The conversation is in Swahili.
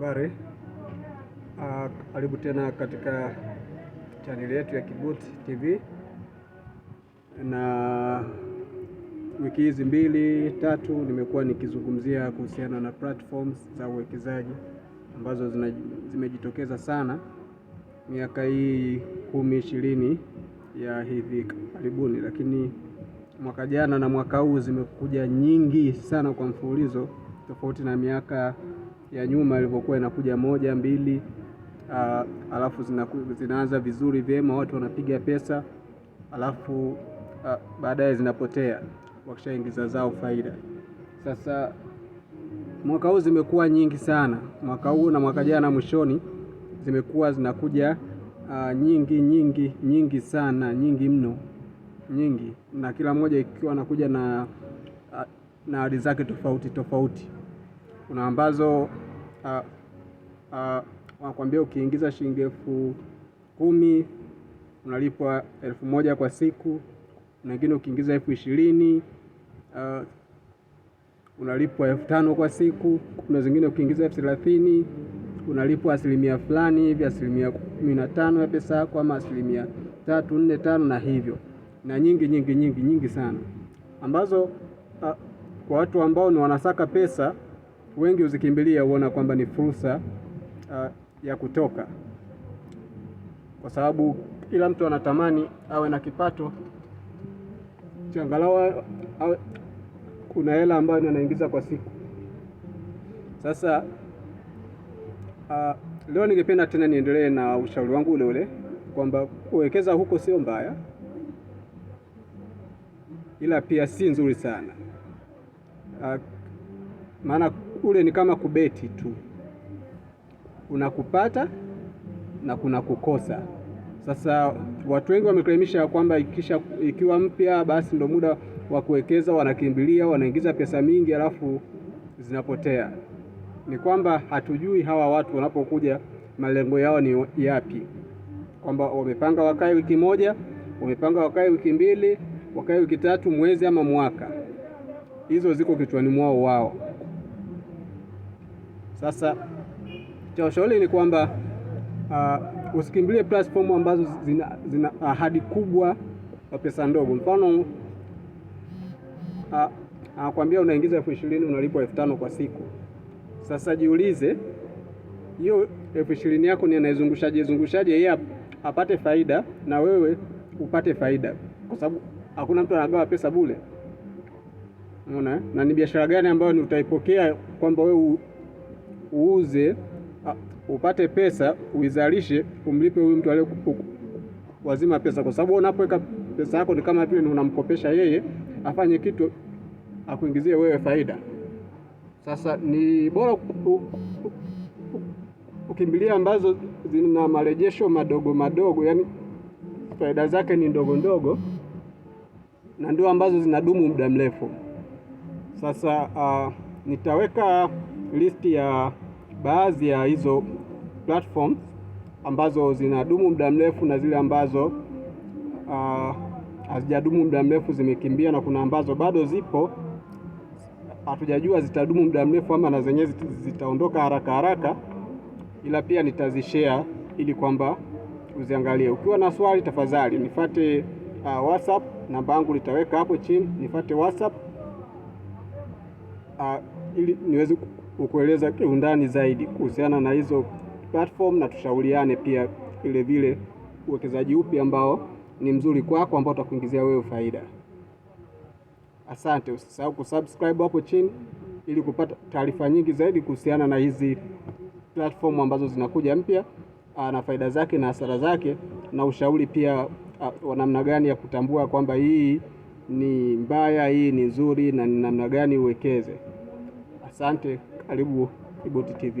Habari, ah, karibu tena katika chaneli yetu ya Kibut TV. Na wiki hizi mbili tatu nimekuwa nikizungumzia kuhusiana na platforms za uwekezaji ambazo zina, zimejitokeza sana miaka hii kumi ishirini ya hivi karibuni, lakini mwaka jana na mwaka huu zimekuja nyingi sana kwa mfululizo tofauti na miaka ya nyuma ilivyokuwa inakuja moja mbili, uh, alafu zinaanza vizuri vyema, watu wanapiga pesa, alafu uh, baadaye zinapotea wakishaingiza zao faida. Sasa mwaka huu zimekuwa nyingi sana, mwaka huu na mwaka jana mwishoni zimekuwa zinakuja uh, nyingi nyingi nyingi sana, nyingi mno, nyingi, na kila mmoja ikiwa anakuja na uh, na hali zake tofauti tofauti kuna ambazo ah, ah, wanakuambia ukiingiza shilingi elfu kumi unalipwa elfu moja kwa siku, na wengine ukiingiza elfu ishirini uh, unalipwa elfu tano kwa siku. Kuna zingine ukiingiza elfu thelathini unalipwa asilimia fulani hivi, asilimia kumi na tano ya pesa yako, ama asilimia tatu nne tano na hivyo na nyingi nyingi nyingi nyingi sana ambazo uh, kwa watu ambao ni wanasaka pesa wengi huzikimbilia, huona kwamba ni fursa uh, ya kutoka, kwa sababu kila mtu anatamani awe na kipato changalawa kuna hela ambayo anaingiza kwa siku. Sasa uh, leo ningependa tena niendelee na ushauri wangu ule ule kwamba kuwekeza huko sio mbaya, ila pia si nzuri sana uh, maana ule ni kama kubeti tu, unakupata na kuna kukosa. Sasa watu wengi wameklaimisha kwamba ikisha ikiwa mpya basi ndo muda wa kuwekeza, wanakimbilia wanaingiza pesa mingi alafu zinapotea. Ni kwamba hatujui hawa watu wanapokuja malengo yao ni yapi, kwamba wamepanga wakae wiki moja, wamepanga wakae wiki mbili, wakae wiki tatu, mwezi ama mwaka. Hizo ziko kichwani mwao wao. Sasa cha ushauri ni kwamba uh, usikimbilie platform ambazo zina, zina ahadi kubwa kwa pesa ndogo. Mfano anakwambia uh, uh, unaingiza elfu ishirini unalipwa elfu tano kwa siku. Sasa jiulize hiyo elfu ishirini yako ni anaizungushaje zungushaje yeye apate faida na wewe upate faida, kwa sababu hakuna mtu anagawa pesa bure. Unaona, na ni biashara gani ambayo ni utaipokea kwamba wewe uuze upate pesa uizalishe, umlipe huyu mtu aliye wazima pesa, kwa sababu unapoweka pesa yako ni kama vile unamkopesha yeye afanye kitu akuingizie wewe faida. Sasa ni bora ukimbilia ambazo zina marejesho madogo madogo, yani faida zake ni ndogo ndogo, na ndio ambazo zinadumu muda mrefu. Sasa uh, nitaweka listi ya baadhi ya hizo platforms ambazo zinadumu muda mrefu na zile ambazo ah, hazijadumu uh, muda mrefu zimekimbia, na kuna ambazo bado zipo hatujajua zitadumu muda mrefu ama na zenyewe zitaondoka haraka haraka, ila pia nitazishare ili kwamba uziangalie. Ukiwa na swali, tafadhali nifate uh, WhatsApp namba yangu nitaweka hapo chini, nifate WhatsApp uh, ili niweze kukueleza kiundani zaidi kuhusiana na hizo platform na tushauriane pia vile vile uwekezaji upi ambao ni mzuri kwako ambao utakuingizia wewe faida. Asante, usisahau kusubscribe hapo chini ili kupata taarifa nyingi zaidi kuhusiana na hizi platform ambazo zinakuja mpya ah, na faida zake na hasara zake na ushauri pia ah, wa namna gani ya kutambua kwamba hii ni mbaya, hii ni nzuri na ni namna gani uwekeze. Asante, karibu Kiboti TV.